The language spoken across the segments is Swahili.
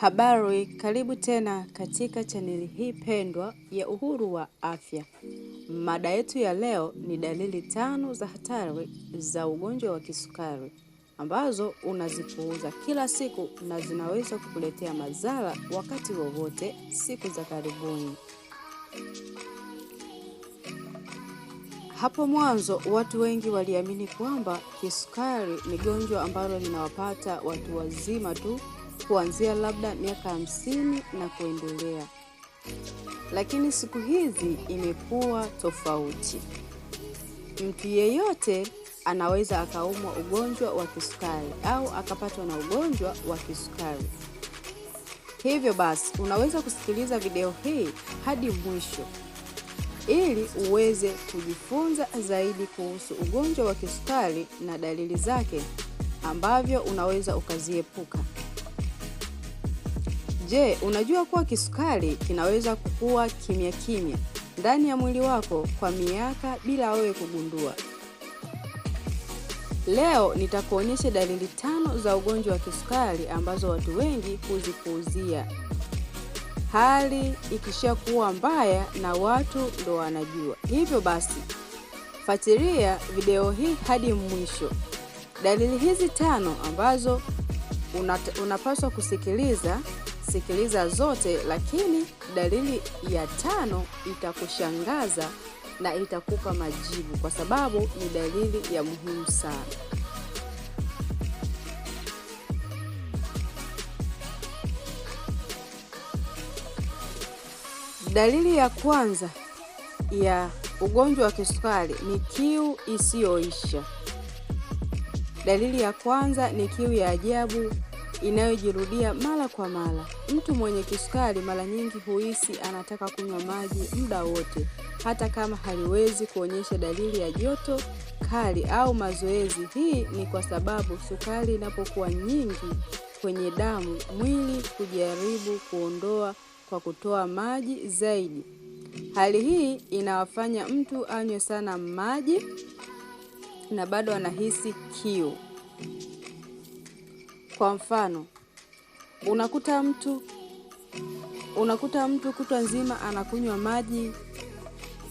Habari, karibu tena katika chaneli hii pendwa ya Uhuru wa Afya. Mada yetu ya leo ni dalili tano za hatari za ugonjwa wa kisukari ambazo unazipuuza kila siku na zinaweza kukuletea madhara wakati wowote siku za karibuni. Hapo mwanzo watu wengi waliamini kwamba kisukari ni gonjwa ambalo linawapata watu wazima tu kuanzia labda miaka hamsini na kuendelea, lakini siku hizi imekuwa tofauti. Mtu yeyote anaweza akaumwa ugonjwa wa kisukari au akapatwa na ugonjwa wa kisukari. Hivyo basi, unaweza kusikiliza video hii hadi mwisho ili uweze kujifunza zaidi kuhusu ugonjwa wa kisukari na dalili zake ambavyo unaweza ukaziepuka. Je, unajua kuwa kisukari kinaweza kukua kimya kimya ndani ya mwili wako kwa miaka bila wewe kugundua? Leo nitakuonyesha dalili tano za ugonjwa wa kisukari ambazo watu wengi huzipuuzia. Hali ikishakuwa mbaya na watu ndo wanajua. Hivyo basi, fuatilia video hii hadi mwisho. Dalili hizi tano ambazo unapaswa kusikiliza Sikiliza zote, lakini dalili ya tano itakushangaza na itakupa majibu, kwa sababu ni dalili ya muhimu sana. Dalili ya kwanza ya ugonjwa wa kisukari ni kiu isiyoisha. Dalili ya kwanza ni kiu ya ajabu inayojirudia mara kwa mara. Mtu mwenye kisukari mara nyingi huhisi anataka kunywa maji muda wote, hata kama haliwezi kuonyesha dalili ya joto kali au mazoezi. Hii ni kwa sababu sukari inapokuwa nyingi kwenye damu, mwili hujaribu kuondoa kwa kutoa maji zaidi. Hali hii inawafanya mtu anywe sana maji na bado anahisi kiu. Kwa mfano, unakuta mtu unakuta mtu kutwa nzima anakunywa maji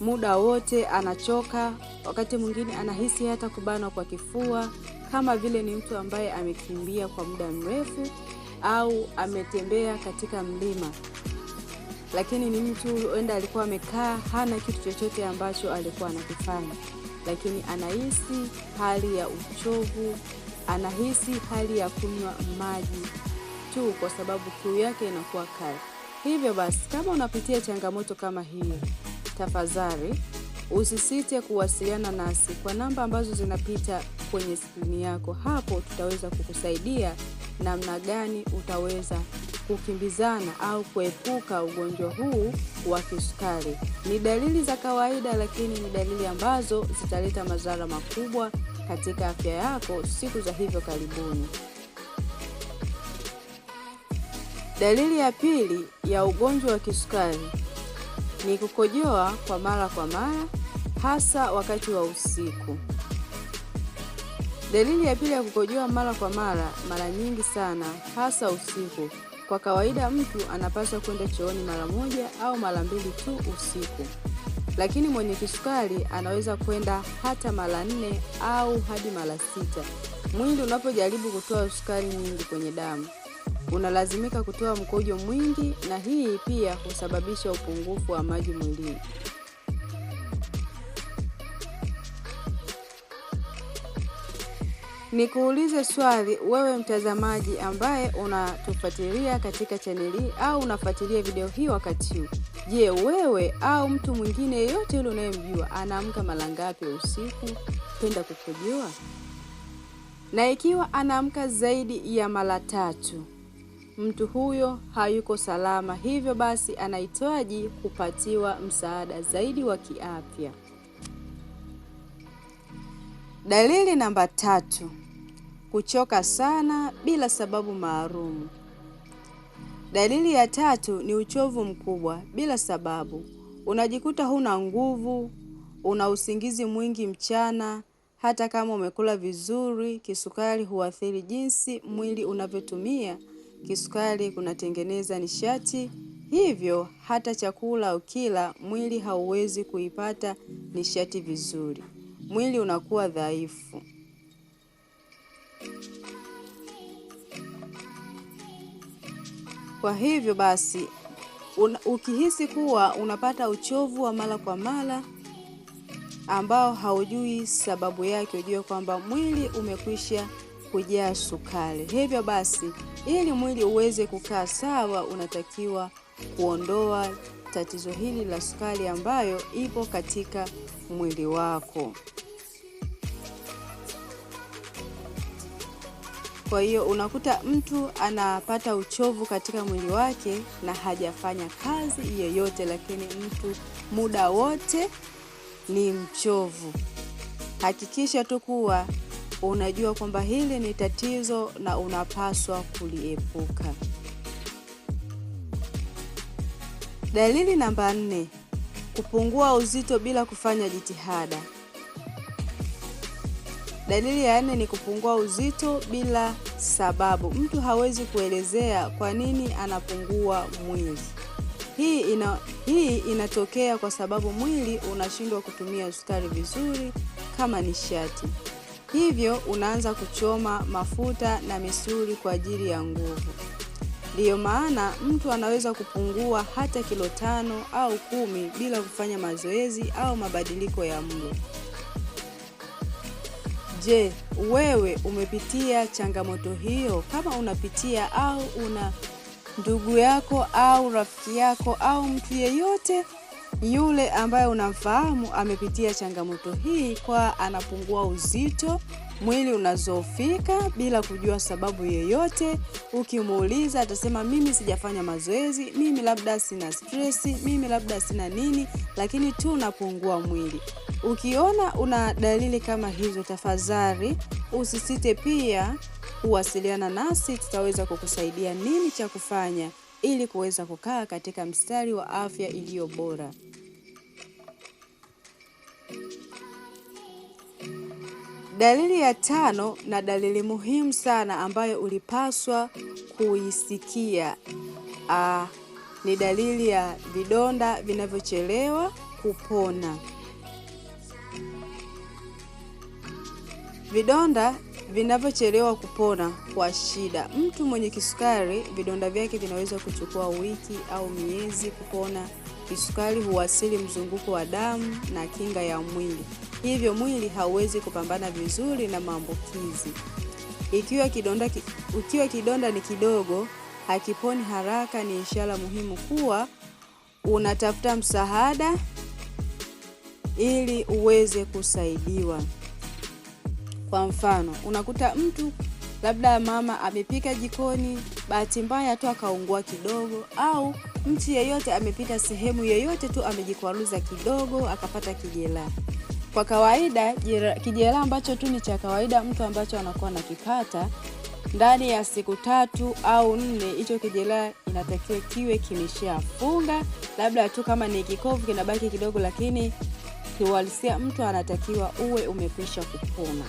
muda wote, anachoka, wakati mwingine anahisi hata kubanwa kwa kifua, kama vile ni mtu ambaye amekimbia kwa muda mrefu au ametembea katika mlima, lakini ni mtu huenda alikuwa amekaa, hana kitu chochote ambacho alikuwa anakifanya, lakini anahisi hali ya uchovu anahisi hali ya kunywa maji tu kwa sababu kiu yake inakuwa kali. Hivyo basi, kama unapitia changamoto kama hii, tafadhali usisite kuwasiliana nasi kwa namba ambazo zinapita kwenye skrini yako. Hapo tutaweza kukusaidia namna gani utaweza kukimbizana au kuepuka ugonjwa huu wa kisukari. Ni dalili za kawaida, lakini ni dalili ambazo zitaleta madhara makubwa katika afya yako siku za hivyo karibuni. Dalili ya pili ya ugonjwa wa kisukari ni kukojoa kwa mara kwa mara, hasa wakati wa usiku. Dalili ya pili ya kukojoa mara kwa mara, mara nyingi sana, hasa usiku. Kwa kawaida mtu anapaswa kwenda chooni mara moja au mara mbili tu usiku lakini mwenye kisukari anaweza kwenda hata mara nne au hadi mara sita. Mwili unapojaribu kutoa sukari nyingi kwenye damu, unalazimika kutoa mkojo mwingi, na hii pia husababisha upungufu wa maji mwilini. Nikuulize swali wewe mtazamaji ambaye unatufuatilia katika chaneli au unafuatilia video hii wakati huu. Je, wewe au mtu mwingine yeyote yule unayemjua anaamka mara ngapi usiku? Penda kukujua. Na ikiwa anaamka zaidi ya mara tatu, mtu huyo hayuko salama, hivyo basi anahitaji kupatiwa msaada zaidi wa kiafya. Dalili namba tatu kuchoka sana bila sababu maalum. Dalili ya tatu ni uchovu mkubwa bila sababu. Unajikuta huna nguvu, una usingizi mwingi mchana, hata kama umekula vizuri. Kisukari huathiri jinsi mwili unavyotumia kisukari, kunatengeneza nishati, hivyo hata chakula ukila, mwili hauwezi kuipata nishati vizuri, mwili unakuwa dhaifu. Kwa hivyo basi un, ukihisi kuwa unapata uchovu wa mara kwa mara ambao haujui sababu yake, ujue kwamba mwili umekwisha kujaa sukari. Hivyo basi, ili mwili uweze kukaa sawa, unatakiwa kuondoa tatizo hili la sukari ambayo ipo katika mwili wako. Kwa hiyo unakuta mtu anapata uchovu katika mwili wake na hajafanya kazi yoyote, lakini mtu muda wote ni mchovu. Hakikisha tu kuwa unajua kwamba hili ni tatizo na unapaswa kuliepuka. Dalili namba nne: kupungua uzito bila kufanya jitihada. Dalili ya nne ni kupungua uzito bila sababu. Mtu hawezi kuelezea kwa nini anapungua mwili. Hii, ina, hii inatokea kwa sababu mwili unashindwa kutumia sukari vizuri kama nishati, hivyo unaanza kuchoma mafuta na misuli kwa ajili ya nguvu. Ndiyo maana mtu anaweza kupungua hata kilo tano au kumi bila kufanya mazoezi au mabadiliko ya mlo. Je, wewe umepitia changamoto hiyo? Kama unapitia au una ndugu yako au rafiki yako au mtu yeyote yule ambaye unamfahamu amepitia changamoto hii, kwa anapungua uzito, mwili unazofika bila kujua sababu yoyote. Ukimuuliza atasema mimi sijafanya mazoezi, mimi labda sina stresi mimi labda sina nini, lakini tu unapungua mwili. Ukiona una dalili kama hizo, tafadhali usisite pia kuwasiliana nasi, tutaweza kukusaidia nini cha kufanya ili kuweza kukaa katika mstari wa afya iliyo bora. Dalili ya tano na dalili muhimu sana ambayo ulipaswa kuisikia aa, ni dalili ya vidonda vinavyochelewa kupona. Vidonda vinavyochelewa kupona kwa shida. Mtu mwenye kisukari, vidonda vyake vinaweza kuchukua wiki au miezi kupona. Kisukari huasili mzunguko wa damu na kinga ya mwili, hivyo mwili hauwezi kupambana vizuri na maambukizi. Ikiwa kidonda, ikiwa kidonda ni kidogo, hakiponi haraka, ni ishara muhimu kuwa unatafuta msaada ili uweze kusaidiwa. Kwa mfano, unakuta mtu labda mama amepika jikoni, bahati mbaya tu akaungua kidogo, au mtu yeyote amepita sehemu yeyote tu amejikwaruza kidogo akapata kijeraha. Kwa kawaida kijeraha ambacho tu ni cha kawaida mtu ambacho anakuwa nakipata ndani ya siku tatu au nne, hicho kijeraha inatakiwa kiwe kimeshafunga. Labda tu kama ni kikovu kinabaki kidogo, lakini kiuhalisia mtu anatakiwa uwe umekwisha kupona.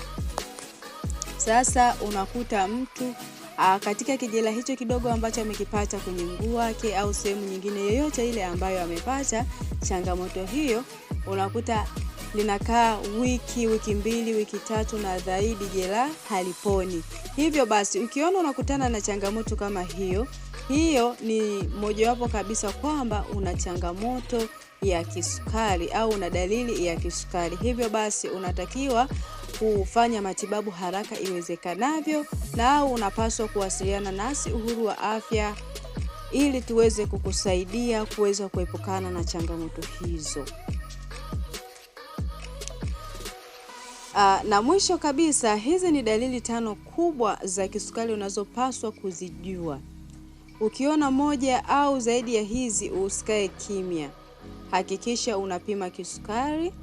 Sasa unakuta mtu a, ah, katika kijela hicho kidogo ambacho amekipata kwenye mguu wake au sehemu nyingine yoyote ile ambayo amepata changamoto hiyo, unakuta linakaa wiki, wiki mbili, wiki tatu na zaidi, jela haliponi. Hivyo basi ukiona unakutana na changamoto kama hiyo, hiyo ni mojawapo kabisa kwamba una changamoto ya kisukari au una dalili ya kisukari. Hivyo basi unatakiwa kufanya matibabu haraka iwezekanavyo, na au unapaswa kuwasiliana nasi Uhuru wa Afya ili tuweze kukusaidia kuweza kuepukana na changamoto hizo. Aa, ah, na mwisho kabisa, hizi ni dalili tano kubwa za kisukari unazopaswa kuzijua. Ukiona moja au zaidi ya hizi, usikae kimya, hakikisha unapima kisukari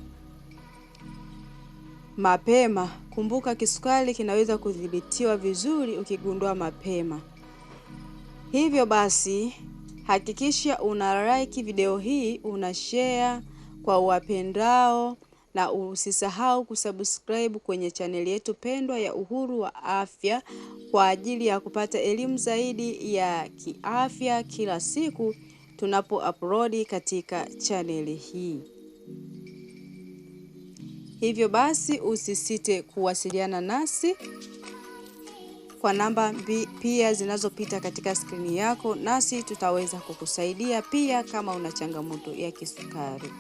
Mapema. Kumbuka kisukari kinaweza kudhibitiwa vizuri ukigundua mapema. Hivyo basi, hakikisha una like video hii, una share kwa uwapendao na usisahau kusubscribe kwenye chaneli yetu pendwa ya Uhuru wa Afya kwa ajili ya kupata elimu zaidi ya kiafya kila siku tunapo upload katika chaneli hii. Hivyo basi usisite kuwasiliana nasi kwa namba pia zinazopita katika skrini yako, nasi tutaweza kukusaidia pia kama una changamoto ya kisukari.